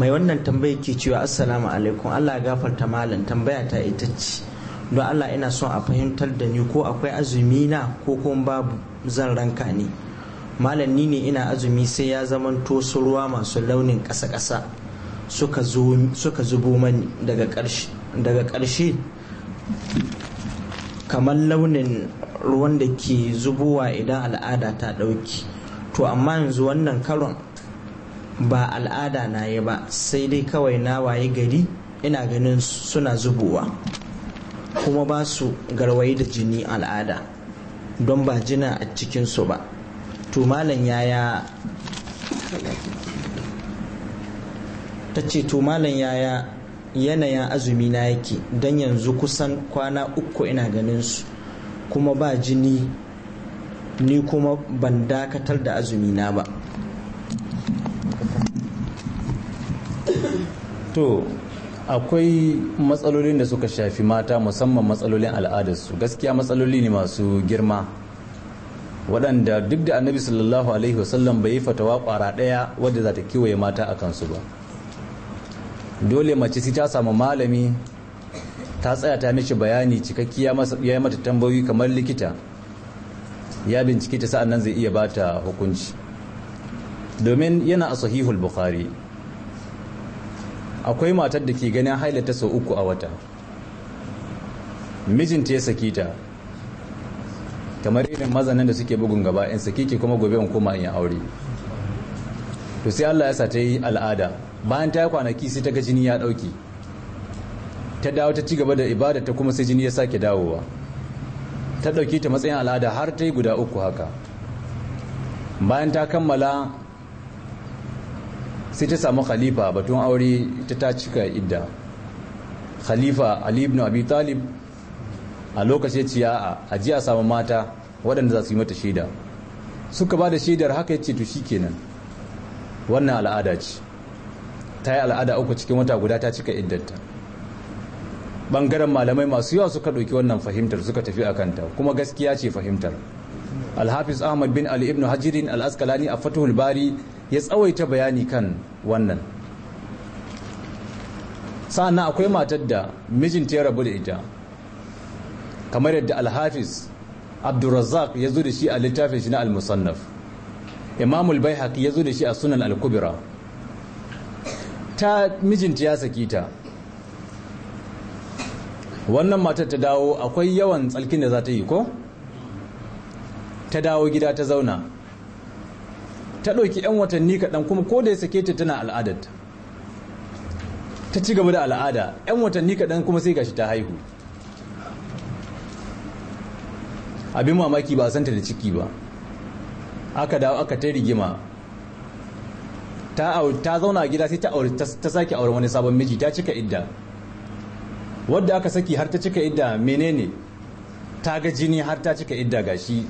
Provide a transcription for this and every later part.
mai wannan tambayi ke cewa assalamu alaikum allah gafarta malam tambaya ta ita ce don allah ina son a fahimtar da ni ko akwai azumi na ko kuma babu zan ranka ne malam ni ne ina azumi sai ya zaman tosu ruwa masu launin ƙasa-ƙasa suka zubo mani daga ƙarshe kamar launin ruwan da ke zubowa idan al'ada ta ɗauki to amma yanzu wannan karon ba al'ada na yi ba sai dai kawai na waye gari ina ganin suna zubowa kuma ba su garwayi da jini al'ada don ba jina a cikinsu ba to malam yaya ta ce to malam yaya yanayin azumi na yake don yanzu kusan kwana uku ina ganin su kuma ba jini ni kuma ban dakatar da azumi na ba to akwai matsalolin da suka shafi mata musamman matsalolin al'adarsu gaskiya matsaloli ne masu girma waɗanda duk da annabi sallallahu alaihi wasallam bai yi fatawa ƙwara ɗaya wadda za ta kiwaye mata a kansu ba dole mace sai ta samu malami ta tsaya ta mishi bayani cikakkiya ya yi mata tambayoyi kamar likita ya bincike ta sa'an nan zai iya bata hukunci domin yana a sahihul bukhari akwai matar da ke ganin hailata sau uku a wata mijinta ya saki ta kamar irin mazanan da suke bugun gaba in saki ki kuma gobe in koma aure to sai Allah ya sa ta yi al'ada bayan ta kwanaki sai ta ga jini ya dauki ta dawo ta ci gaba da ibada ta kuma sai jini ya sake dawowa ta dauki ta matsayin al'ada har ta yi guda uku haka bayan ta kammala sai ta samu khalifa batun aure ta ta cika idda khalifa ali ibn abi talib a lokacin ciya a ajiya samu mata waɗanda za su yi mata shaida suka ba da shaidar haka ya ce to shikenan wannan al'ada ce ta yi al'ada uku cikin wata guda ta cika iddanta bangaren malamai masu yawa suka ɗauki wannan fahimtar suka tafi a kanta kuma gaskiya ce fahimtar alhafiz ahmad bin ali ibn hajirin al-askalani a fatuhul bari ya tsawaita bayani kan wannan sa'annan akwai matar da mijinta ya rabu da ita kamar yadda alhafiz abdulrazzaq ya zo da shi a littafin shi na almusannaf imamul bayhaq ya zo da shi a sunan alKubira. ta mijinta ya saki ta wannan matar ta dawo akwai yawan tsalkin da za ta yi ko ta dawo gida ta zauna ta ɗauki 'yan watanni kaɗan kuma ko da ya sake ta tana al'adarta ta ci gaba da al'ada 'yan watanni kaɗan kuma sai gashi ta haihu abin mamaki ba a santa da ciki ba aka dawo aka ta rigima ta zauna a gida sai ta sake auri wani sabon miji ta cika idda wadda aka saki har ta cika idda menene ta ga jini har ta cika idda gashi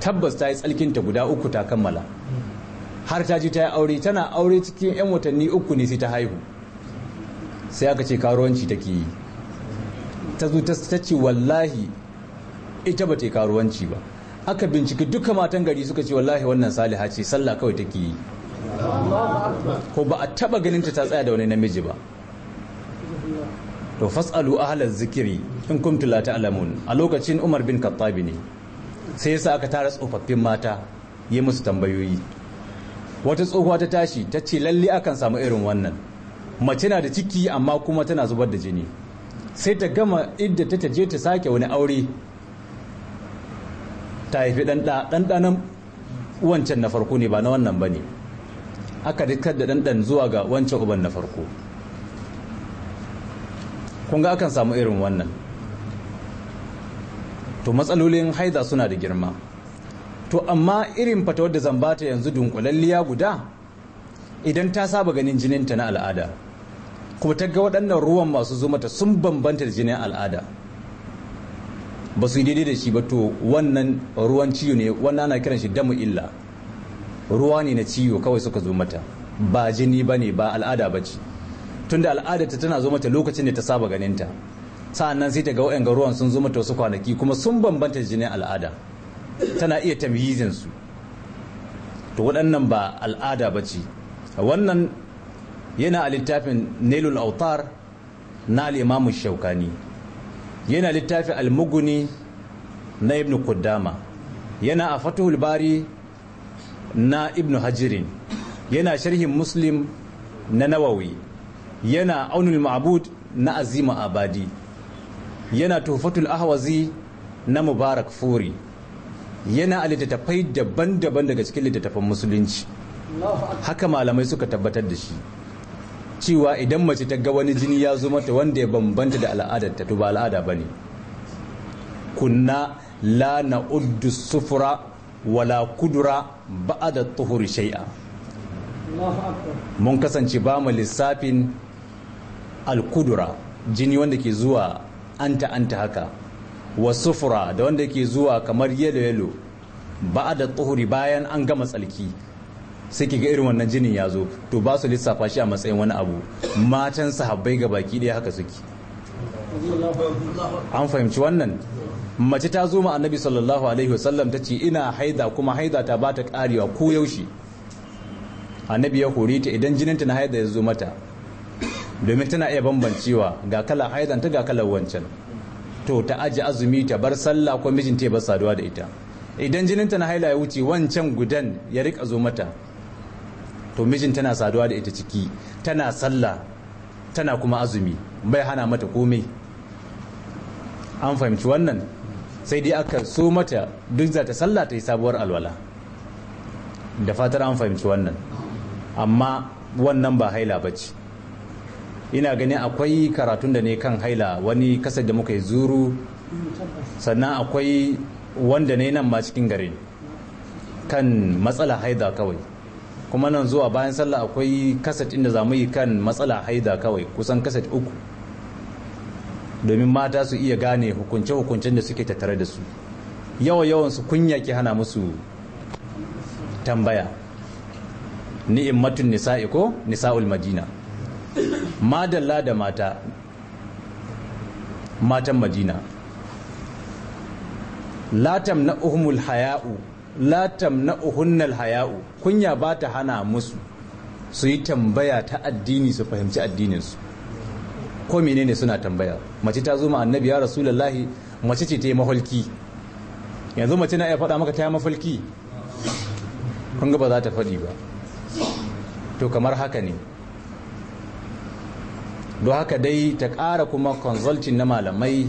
tabbas ta yi tsalkinta guda uku ta kammala har ta ji ta yi aure tana aure cikin 'yan watanni uku ne sai ta haihu sai aka ce karuwanci take yi ta zo ta ce wallahi ita ba ta yi karuwanci ba aka binciki duka matan gari suka ce wallahi wannan saliha ce sallah kawai take yi ko ba a taba ganin ta tsaya da wani namiji ba to fasalu halar zikiri in kuntu la ta'lamun a lokacin Umar bin Kattabi ne sai yasa aka tara tsofaffin mata yi musu tambayoyi wata tsohuwa ta tashi ta ce lalle akan samu irin wannan mace na da ciki amma kuma tana zubar da jini sai ta gama idda ta taje ta sake wani aure ta haifi ɗanɗanan wancan na farko ne ba na wannan ba ne aka rikar da ɗanɗan zuwa ga wancan uban na farko kun ga akan samu irin wannan to matsalolin haiza suna da girma to amma irin fatawar da zan bata yanzu dunkulalliya guda idan ta saba ganin jininta na al'ada kuma ta ga waɗannan ruwan masu zo sun bambanta da jinin al'ada ba su yi daidai da shi ba to wannan ruwan ciwo ne wannan ana kiran shi damu illa ruwa ne na ciwo kawai suka zo mata ba jini ba ne ba al'ada ba ce tunda al'ada ta tana zo mata lokacin da ta saba ganinta sa'annan sai ta ga wa'yan ruwan sun zo mata wasu kwanaki kuma sun bambanta jinin al'ada tana iya tamhizin su to waɗannan ba al'ada ba ce wannan yana a littafin nailul autar na al'imamun shaukani yana littafin almuguni na ibn kuddama yana a fatuhul bari na ibn hajirin yana sharhin muslim na nawawi yana aunul Ma'abud na azima abadi yana tuhfatul ahwazi na mubarak furi yana a littattafai daban-daban daga cikin littattafan musulunci haka malamai suka tabbatar da shi cewa idan mace ta ga wani jini ya zo mata wanda ya bambanta da al'adar ta ba al'ada bane kunna la na'uddu sufura wala kudura da tuhuri shai'a. mun kasance ba mu lissafin al-kudura jini wanda ke zuwa anta anta haka wa sufura da wanda ke zuwa kamar yelo yelo ba da tsohuri bayan an gama tsalki sai ki ga irin wannan jinin ya zo to ba su lissafa shi a matsayin wani abu matan sahabbai ga baki ɗaya haka suke an fahimci wannan mace ta zo ma annabi sallallahu alaihi wasallam ta ce ina haida kuma haida ta ba ta karewa ko yaushe annabi ya hore ta idan ta na haida ya zo mata domin tana iya bambancewa ga kala haidanta ga kalar wancan to ta aji azumi ta bar sallah ko mijinta ya bar saduwa da ita idan jininta na haila ya wuce wancan gudan ya rika zo mata to mijin tana saduwa da ita ciki tana sallah tana kuma azumi bai hana mata komai an fahimci wannan sai dai aka so mata duk za ta sallah ta yi sabuwar alwala da fatar an fahimci wannan amma wannan ba haila ba ce ina ganin akwai karatun da ne kan haila wani kasar da muka yi zuru sannan akwai wanda ne nan ma cikin gare kan matsala haida kawai kuma nan zuwa bayan sallah akwai kasat inda za mu yi kan matsala haida kawai kusan kasat uku domin mata su iya gane hukunce-hukuncen da suke tattare da su yawa-yawan su kunya ke hana musu tambaya ni'immatun nisa'i ko nisa'ul madina madalla da mata matan madina latam na uhumul haya'u latam na uhunnal haya'u kunya ba ta hana musu su yi tambaya ta addini su fahimci addininsu ko menene suna tambaya mace ta zo ma annabi ya rasulullahi mace ce ta yi maholki yanzu mace na iya faɗa maka ta yi mafalki kun ga ba za ta faɗi ba to kamar haka ne don haka dai ta ƙara kuma consulting na malamai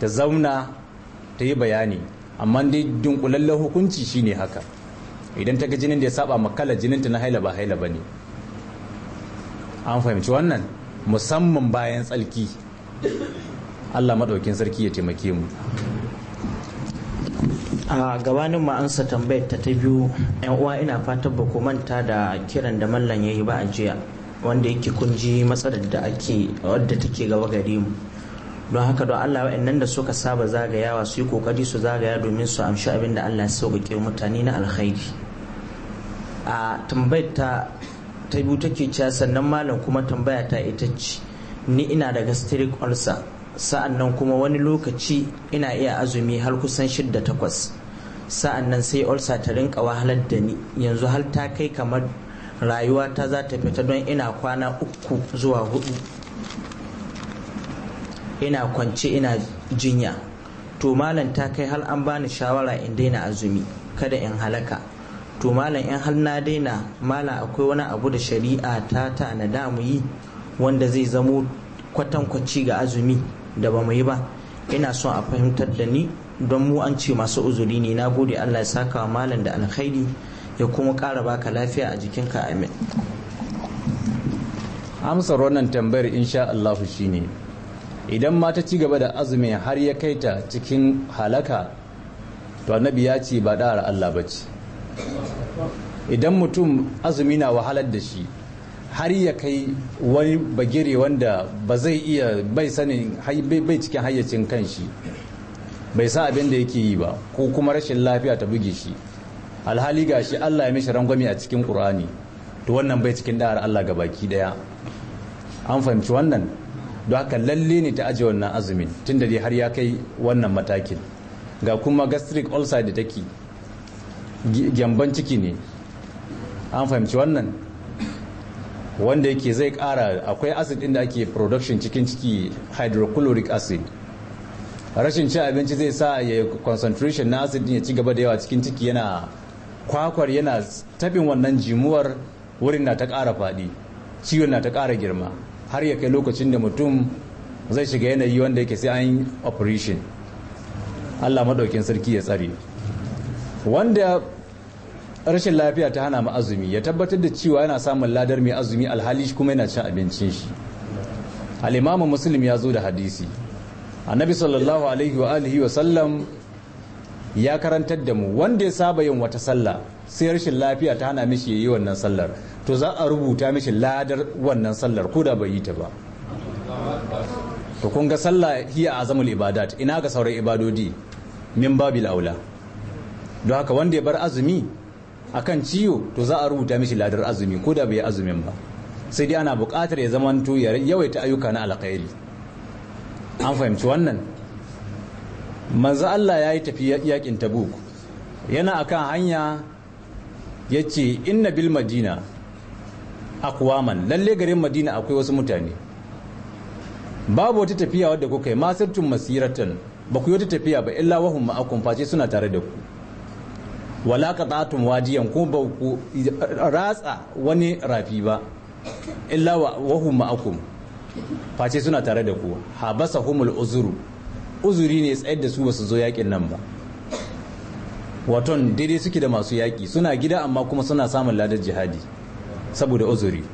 ta zauna ta yi bayani amma dai dunkulallen hukunci shine haka idan ta ga jinin da ya saba makala jininta na haila ba haila ba ne an fahimci wannan musamman bayan tsalki allah maɗaukin sarki ya taimake mu a gabanin ma'ansa ansa tambayar ta ta biyu yan uwa ina fatan ba ku manta da kiran da mallan ya yi ba a jiya wanda yake kunji matsalar da ake wadda take gaba gare mu don haka don Allah wa'annan da suka saba zagayawa su yi kokari su zagaya domin su amshi abin da Allah ya sauƙaƙe mutane na alkhairi a tambayar ta ta biyu take cewa sannan malam kuma tambaya ta ita ce ni ina da gastric ulcer sa'an nan kuma wani lokaci ina iya azumi har kusan shidda takwas sa'an nan sai ulcer ta rinka wahalar da ni yanzu har ta kai kamar rayuwa ta za ta fita don ina kwana uku zuwa hudu ina kwance ina jinya to malam ta kai hal an bani shawara in daina azumi kada in halaka to malam in hal na daina malam akwai wani abu da shari'a ta tanada mu yi wanda zai zamo kwatankwaci ga azumi da ba mu yi ba ina son a fahimtar da ni don mu an ce masu uzuri ne na gode allah ya saka wa malam da alkhairi ya kuma kara baka lafiya a jikinka amin amsar wannan tambayar insha shi shine idan mata ci gaba da azumi har ya kai ta cikin halaka to annabi ya ce ba da'ar Allah ba ce idan mutum azumi na wahalar da shi har ya kai wani bagire wanda ba zai iya bai sanin bai cikin hayyacin kanshi bai sa abin da yake yi ba ko kuma rashin lafiya ta buge shi alhali ga shi Allah ya mishi rangwami a cikin ƙurani to wannan bai cikin da'ar Allah ga baki daya an fahimci wannan don haka lalle ne ta aje wannan azumin da dai har ya kai wannan matakin ga kuma gastric ulcer da take gyamban ciki ne an fahimci wannan wanda yake zai kara akwai acid din da ake production cikin ciki hydrochloric acid rashin cin abinci zai sa ya concentration na acid ya ci gaba da yawa cikin ciki yana kwakwar yana tabin wannan jimuwar wurin na ta ƙara faɗi ciwon na ta ƙara girma har ya kai lokacin da mutum zai shiga yanayi wanda yake sai an operation allah maɗaukin sarki ya tsare wanda rashin lafiya ta hana mu azumi ya tabbatar da cewa yana samun ladar mai azumi alhali kuma yana cin abincin shi alimamin muslim ya zo da hadisi annabi sallallahu alaihi wa alihi wa sallam ya karantar da mu wanda ya saba yin wata sallah sai rashin lafiya ta hana mishi yi wannan sallar to za a rubuta mishi ladar wannan sallar ko da bai yi ta ba to kun ga sallah hiya azamul ibadat ina ga sauran ibadodi min babil aula don haka wanda ya bar azumi akan ciwo to za a rubuta mishi ladar azumi ko da bai azumin ba sai dai ana buƙatar ya zamanto ya yawaita ayyuka na alƙairi an fahimci wannan manzo Allah ya yi tafi yakin tabuk yana akan hanya ya ce inna bil madina akwaman lalle garin madina akwai wasu mutane babu wata tafiya wadda kuka yi masirtun masiratan ba ku yi wata tafiya ba illa wahun ma'akun face suna tare da ku wala qata'tum wadiyan ko ba ku ratsa wani rafi ba illa wahum ma'akum face suna tare da ku humul uzuru uzuri ne tsayar da su basu zo yakin nan ba waton daidai suke da masu yaƙi suna gida amma kuma suna samun ladar jihadi saboda uzuri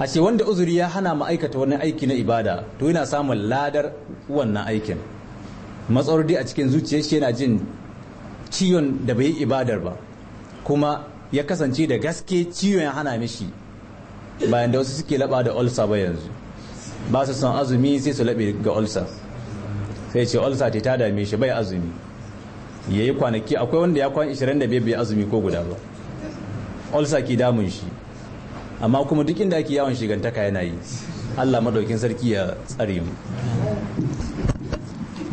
a ce wanda uzuri ya hana ma'aikata wani aiki na ibada to yana samun ladar wannan aikin matsawar dai a cikin zuciyar shi yana jin ciwon da bai yi ibadar ba kuma ya kasance da gaske ciwon ya hana mishi bayan da wasu suke laɓa da ulsa ba yanzu ba su son azumi sai su laɓe ga ulsa. sai ce ulcer ta dame shi bai azumi ya yi kwanaki akwai wanda ya kwan 25 bai azumi ko guda ba ulcer ki damun shi amma kuma duk inda ake yawon shigantaka yana yi allah madaukin sarki ya tsare mu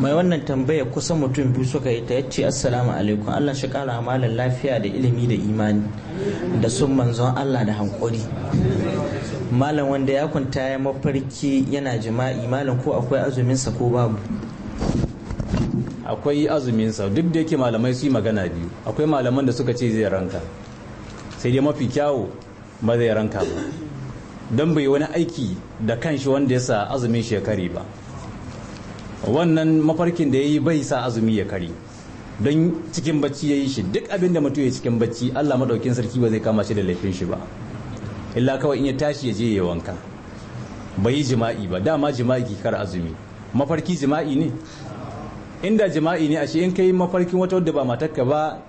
mai wannan tambaya kusan mutum biyu suka yi ta yace assalamu alaikum Allah shi kara malar lafiya da ilimi da imani da sun manzon Allah da hankuri malam wanda ya kwanta ya mafarki yana jima'i malam ko akwai azumin sa ko babu akwai azumin sa duk da yake malamai su yi magana biyu akwai malaman da suka ce zai ranka sai dai mafi kyawu ba zai ranka ba don bai wani aiki da kanshi wanda ya sa azumin ya kare ba wannan mafarkin da ya yi bai sa azumi ya kari don cikin bacci ya yi shi duk abin da mutum ya cikin bacci allah maɗaukin sarki ba zai kama shi da laifin shi ba illa kawai in ya tashi ya je ya wanka bai yi jima'i ba dama jima'i kar azumi mafarki jima'i ne inda jima'i ne ashe in kai mafarkin wata wadda ba matakka ba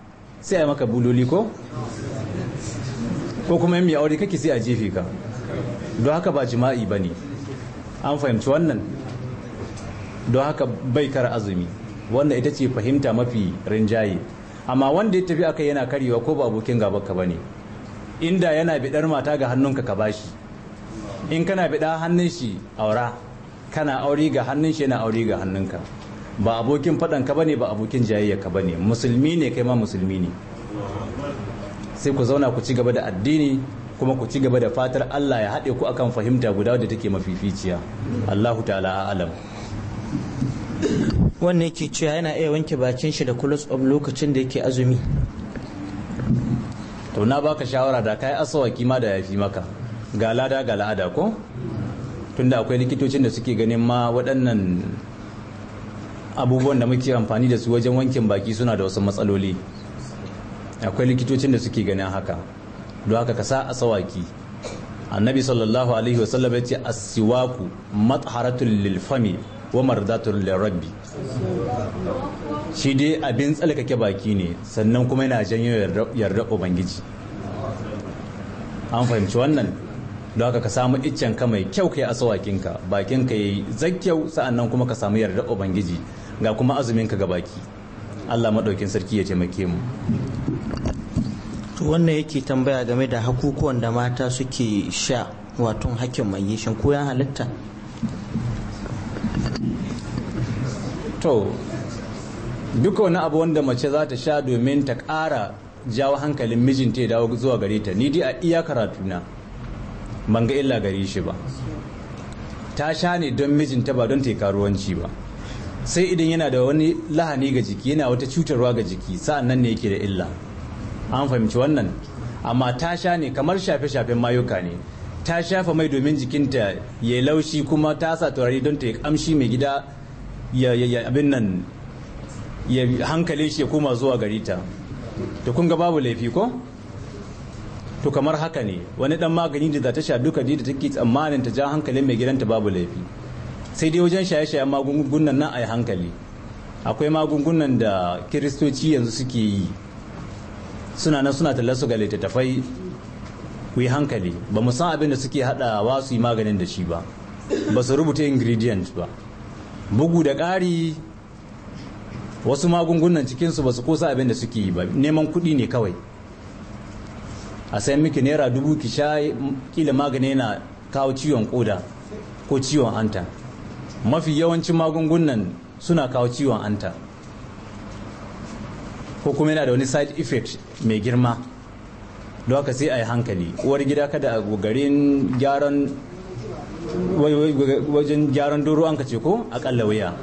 sai a maka buloli ko ko kuma mai aure kake sai a jefe ka don haka ba jima'i ba ne an fahimci wannan don haka bai kara azumi wannan ita ce fahimta mafi rinjaye amma wanda ya tafi aka yana karewa ko ba abokin gabanka ba ne inda yana biɗar mata ga hannunka ka ba shi in kana biɗa hannun shi aura kana aure ga hannun shi yana aure ga hannunka ba abokin faɗan ka bane ba abokin jayayya ka bane musulmi ne kai ma musulmi ne sai ku zauna ku ci gaba da addini kuma ku ci gaba da fatar Allah ya haɗe ku akan fahimta guda da take mafificiya Allahu ta'ala alam wannan ke cewa yana iya wanke bakin shi da kulus of lokacin da yake azumi to na baka shawara da kai asawaki kima da yafi maka ga lada ga la'ada ko tunda akwai likitocin da suke ganin ma waɗannan abubuwan da muke amfani da su wajen wankin baki suna da wasu matsaloli akwai likitocin da suke ganin haka don haka ka sa a sawaki annabi sallallahu alaihi wasallam ya ce asiwaku matharatun lilfami wa mardatun lirabbi shi dai abin tsalkake baki ne sannan kuma yana janyo yarda ubangiji an fahimci wannan don haka ka samu iccen ka mai kyau kai asawakinka bakin ka yi zakkyau sa'annan kuma ka samu yarda ubangiji ga kuma azumin ka gabaki Allah maɗaukin sarki ya taimake mu to wannan yake tambaya game da hakukuwan da mata suke sha wato hakkin mai yishin ko ya halitta to duka wani abu wanda mace za ta sha domin ta ƙara jawo hankalin mijinta ya dawo zuwa gare ta ni dai a iya karatuna ban ga illa gare shi ba ta sha ne don mijinta ba don ta yi karuwanci ba sai idan yana da wani lahani ga jiki yana wata cutarwa ga jiki sa'an nan ne yake da illa an fahimci wannan amma ta sha ne kamar shafe-shafen mayuka ne ta shafa mai domin jikinta ya laushi kuma ta sa taurari don ta amshi mai gida ya abin nan ya hankalin shi ya koma zuwa gari ta to kun ga babu laifi ko to kamar haka ne wani dan magani da za ta sha duka da take tsammanin ta ja hankalin mai gidanta babu laifi sai dai wajen shaye-shayen magungunan nan a yi hankali akwai magungunan da kiristoci yanzu suke yi suna nan suna tallasu ga littattafai ku yi hankali ba mu san abin da suke haɗawa su yi maganin da shi ba ba su rubuta ingredient ba bugu da ƙari wasu magungunan cikinsu ba su kosa abin da suke yi ba neman kuɗi ne kawai a sayan miki naira dubu ki sha kila magani na kawo ciwon koda ko ciwon hanta mafi yawancin magungunan suna kawo ciwon anta ko kuma yana da wani side effect mai girma don haka sai a yi hankali uwar gida kada a gogarin gyaran wajen gyaran doro an ce ko akalla wuya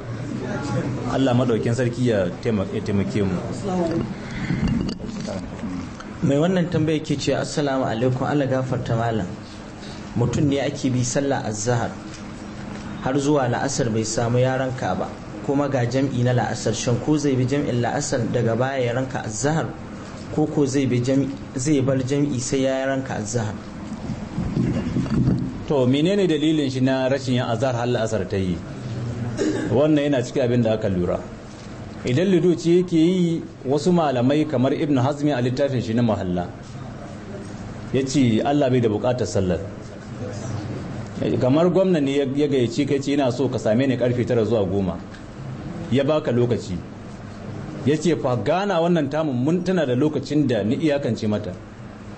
allah maɗaukin sarki ya taimake mu mai wannan tambaya ke ce assalamu alaikum allah gafarta malam mutum ne ake bi sallah azhar har zuwa la'asar bai samu yaranka ka ba kuma ga jam'i na la'asar shan ko zai bi jam'in la'asar daga baya ya ranka azahar ko ko zai bar jam'i sai ya ranka azahar to menene dalilin shi na rashin yin azahar har la'asar ta yi wannan yana cikin abin da aka lura idan ce yake yi wasu malamai kamar ibnu hazmi a littafin shi na mahalla ya ce allah bai da bukatar sallar kamar gwamna ne ya gayyaci kai ce ina so ka same ni karfe tara zuwa goma ya baka lokaci ya ce fa gana wannan tamun mun tana da lokacin da ni iyakance mata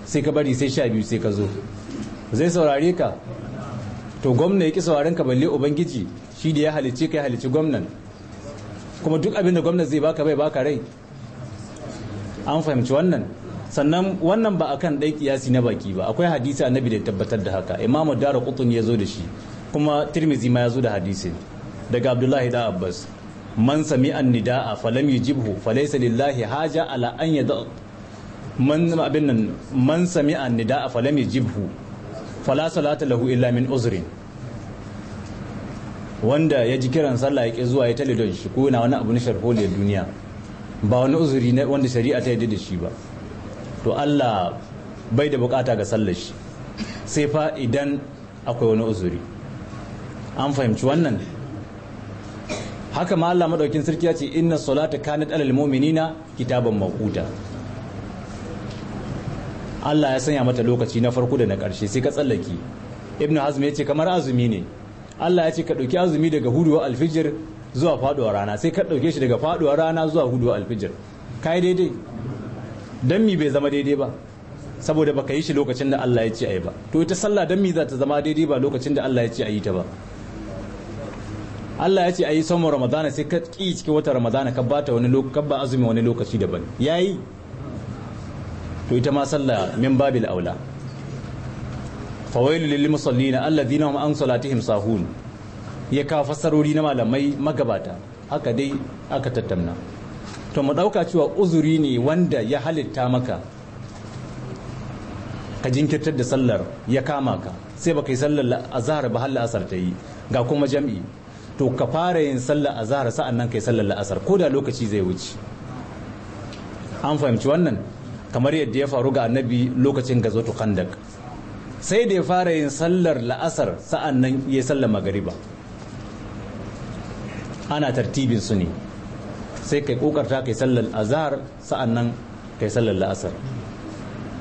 sai ka bari sai sha biyu sai ka zo zai saurare ka to gwamna ya ki saurarin ka balle ubangiji shi da ya halicci ka halicci gwamnan kuma duk abin da gwamna zai baka bai baka rai an fahimci wannan sannan wannan ba akan ɗai kiyasi na baki ba akwai hadisi annabi da tabbatar da haka imamu dara qutun ya zo da shi kuma tirmizi ma ya zo da hadisi daga abdullahi da abbas man sami an nida'a falam yujibhu falaysa lillahi haja ala an yada man abin nan man sami an nida'a falam yujibhu fala salata lahu illa min uzrin wanda ya ji kiran sallah ya ke zuwa ya tale don shi ko na wani abu na sharholiyar duniya ba wani uzuri wanda shari'a ta yi da shi ba to Allah bai da bukata ga sallashi sai fa idan akwai wani uzuri an fahimci wannan haka ma Allah madaukin sarki ya ce inna salata kanat alal mu'minina kitaban mawquta Allah ya sanya mata lokaci na farko da na ƙarshe sai ka tsallaki ibnu hazm ya ce kamar azumi ne Allah ya ce ka ɗauki azumi daga huduwa alfijir zuwa faduwar rana sai ka ɗauke shi daga faduwar rana zuwa huduwa alfijir kai daidai dan mi bai zama daidai ba saboda baka yi shi lokacin da Allah ya ce ayi ba to ita sallah dan mi za ta zama daidai ba lokacin da Allah ya ce ayi ta ba Allah ya ce ayi sauran Ramadana sai ka ki cikin wata Ramadana ka bata wani lokaci ka ba azumi wani lokaci daban yayi to ita ma sallah min babil aula fawailu lil musallina alladhina hum an salatihim sahun ya ka fassarori na malamai magabata haka dai aka tattauna. to mu ɗauka cewa uzuri ne wanda ya halitta maka ka jinkirtar da sallar ya kama ka sai baka yi sallar azhar ba halla asar ta yi ga kuma jam'i to ka fara yin sallar azhar sa'an nan ka yi sallar la'asar ko da lokaci zai wuce an fahimci wannan kamar yadda ya faru ga annabi lokacin to khandak sai da ya fara yin sallar la'asar sa'an nan ya sallar magariba ana tartibin su ne sai kai kokarta kai sallar azhar sa'annan kai sallar la'asar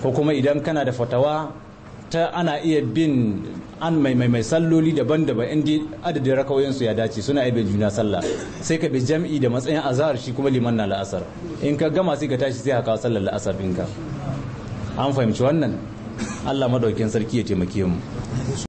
ko kuma idan kana da fatawa ta ana iya bin an mai salloli daban-daban inda adadin rakawoyinsu ya dace suna iya bin juna sallah sai ka bi jam'i da matsayin azhar shi kuma liman na la'asar in ka gama sai ka tashi sai ka kawo sallar la'asar ɗinka an fahimci wannan Allah madaukin sarki ya taimake mu